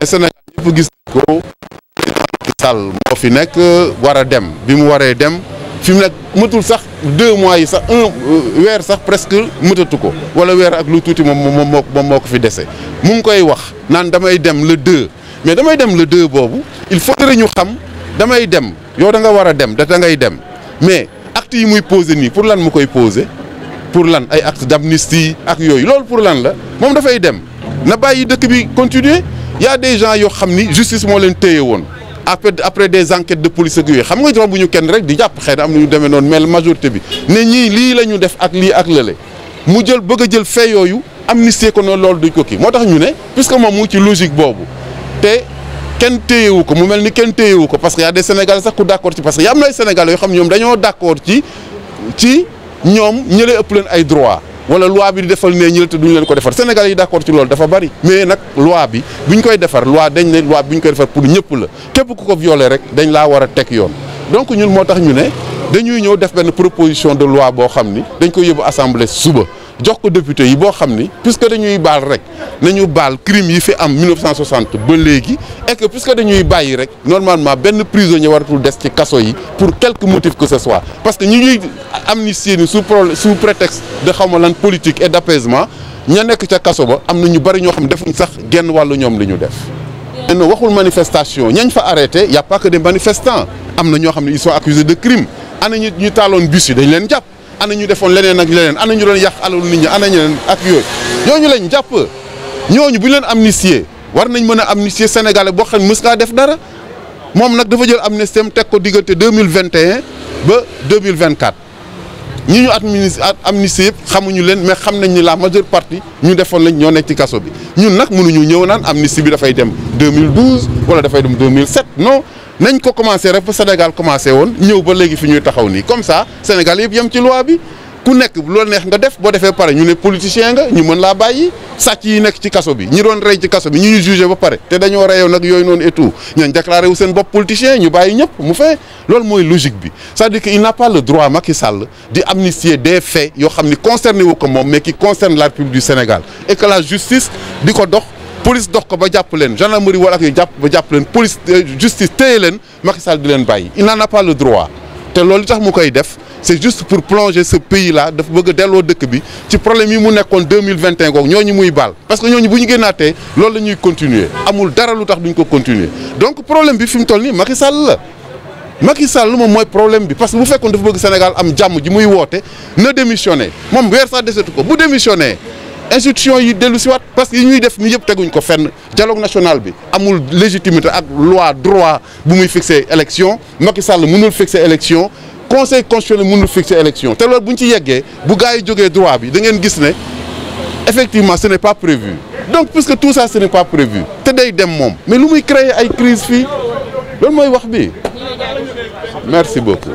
ne Sénégal ñëpp gis ko Macky Sall moo fi nekk war a dem bi mu waree dem fi mu nekk mëtul sax deux mois yi sax un euh, weer sax presque mëtatu ko wala weer ak lu tuuti moom moom moo moom fi dese mu ngi koy wax naan damay dem le deux mais damay dem le deux boobu il faudrait ñu xam damay dem yow da nga war dem da ngay dem mais acte yi muy posé nii pour lan mu koy posé pour lan ay acte d'amnistie ak yooyu loolu pour lan la moom dafay dem na bàyyi dëkk bi continuer y a des gens yoo xam justice mo leen téye woon après après des enquêtes de police ak xam nga romb buñu kenn rek di japp xéne na am ñu demee non mais la majorité bi né ñi li lañu def ak li ak lële mu jël bëgg jël fee yoyu amnistie ko non lool du ko ki motax ñu né puisque moom mu ci logique boobu te kenn téyewu ko mu melni ni kenn téyewu ko parce que y a des sénégalais sax ku d'accord ci parce que y am na sénégalais yo xam ñom dañoo d'accord ci ci ñom ñëlé ëpp leen ay droits wala loi bi di defal nee ñi la te duñu leen ko defar sénégalais yi d'accord ci loolu dafa bari mais nag loi bi ñu koy defar loi dañ ne loi bi ñu koy defar pour ñëpp la képp ku ko violé rek dañ laa war a teg yoon donc ñun moo tax ñu ne dañuy ñëw def benn proposition de loi boo xam ni dañ koy yóbbu assemblée suba jox ko député yi bo xamni puisque dañuy bal rek nañu bal crime yi fi am 1960 ba légui et que puisque dañuy bayyi rek normalement ben prisonnier waratul des ci kaso yi pour quelque motif que ce soit parce que ñuy amnistie ni sous sous prétexte de xaw lan politique et d'apaisement ña nek ci kaso ba amna ñu bari ño xam defuñ sax genn walu ñom li ñu def. non waxul manifestation ñañ fa arrêté y' a pas que des manifestants amna ño xamni ils sont accusés de crime ana ñi ñu talon bus yi dañ leen japp ana ñu defoon leneen ak leneen ana ñu doon yàq alalu nit ñi ana ñeneen ak yooyu ñooñu jàpp ñooñu bu ñu leen amnistier war nañ mën a amnistier sénégalais boo xam ne mës ngaa def dara moom nag dafa jël amnistiam teg ko diggante deux mille vingt ba deux mille vingt quatre ñi ñu administ amnistie yëpp xamuñu leen mais xam nañ laa la majeure partie ñu defoon lañ ñoo nekk ci kaso bi ñun nag mënuñu ñëw naan amnistie bi dafay dem deux mille douze wala dafay dem deux mille non. Nous ko commencé Sénégal commencé woon ba fi comme ça Sénégal Sénégalais, yam ci loi bi ku nekk loolu neex nga def boo gens qui ñu politiciens, politicien nga ñu Nous gens qui nekk ci kaso bi ñi doon ci nous bi ñu ñu déclaré wu seen bopp politicien ñu bàyyi mu logique c'est-à-dire qu'il n'a pas le droit Macky amnistier des faits qui concernent mais qui concerne la République du Sénégal et que la justice police dox ko ba japp len gendarmerie wala ak japp ba japp len police euh, justice téye len Macky Sall di leen bàyyi il n'en a pas le droit te lolou tax mu koy def c'est juste pour plonger ce pays là dafa bëgg a delloo dëkk bi ci problème yi mu nekkoon 2021 googu ñoñu muy bal parce que ñoñu buñu ñu lolou lañuy continuer amul dara lu tax duñ ko continuer donc problème bi fim mu toll nii Macky Sall la Macky Sall luma moy problème bi parce que bu fekkoon dafa bëgg Sénégal am jamm ji muy woté na démissionner mom weer sa desetu ko bu démissionner institution yi dellu des parce que yi ñuy def ni yëpp téguñ ko fenn dialogue national bi amul légitimité ak loi droit bu muy l'élection, élection Macky Sall l'élection. Le conseil constitutionnel mënul fixé élection té loolu buñ ci yeggee bu le droit bi da ngeen effectivement ce n'est pas prévu donc puisque tout ça ce n'est pas prévu c'est day dem mais lu muy créer ay crise fi moy wax bi merci beaucoup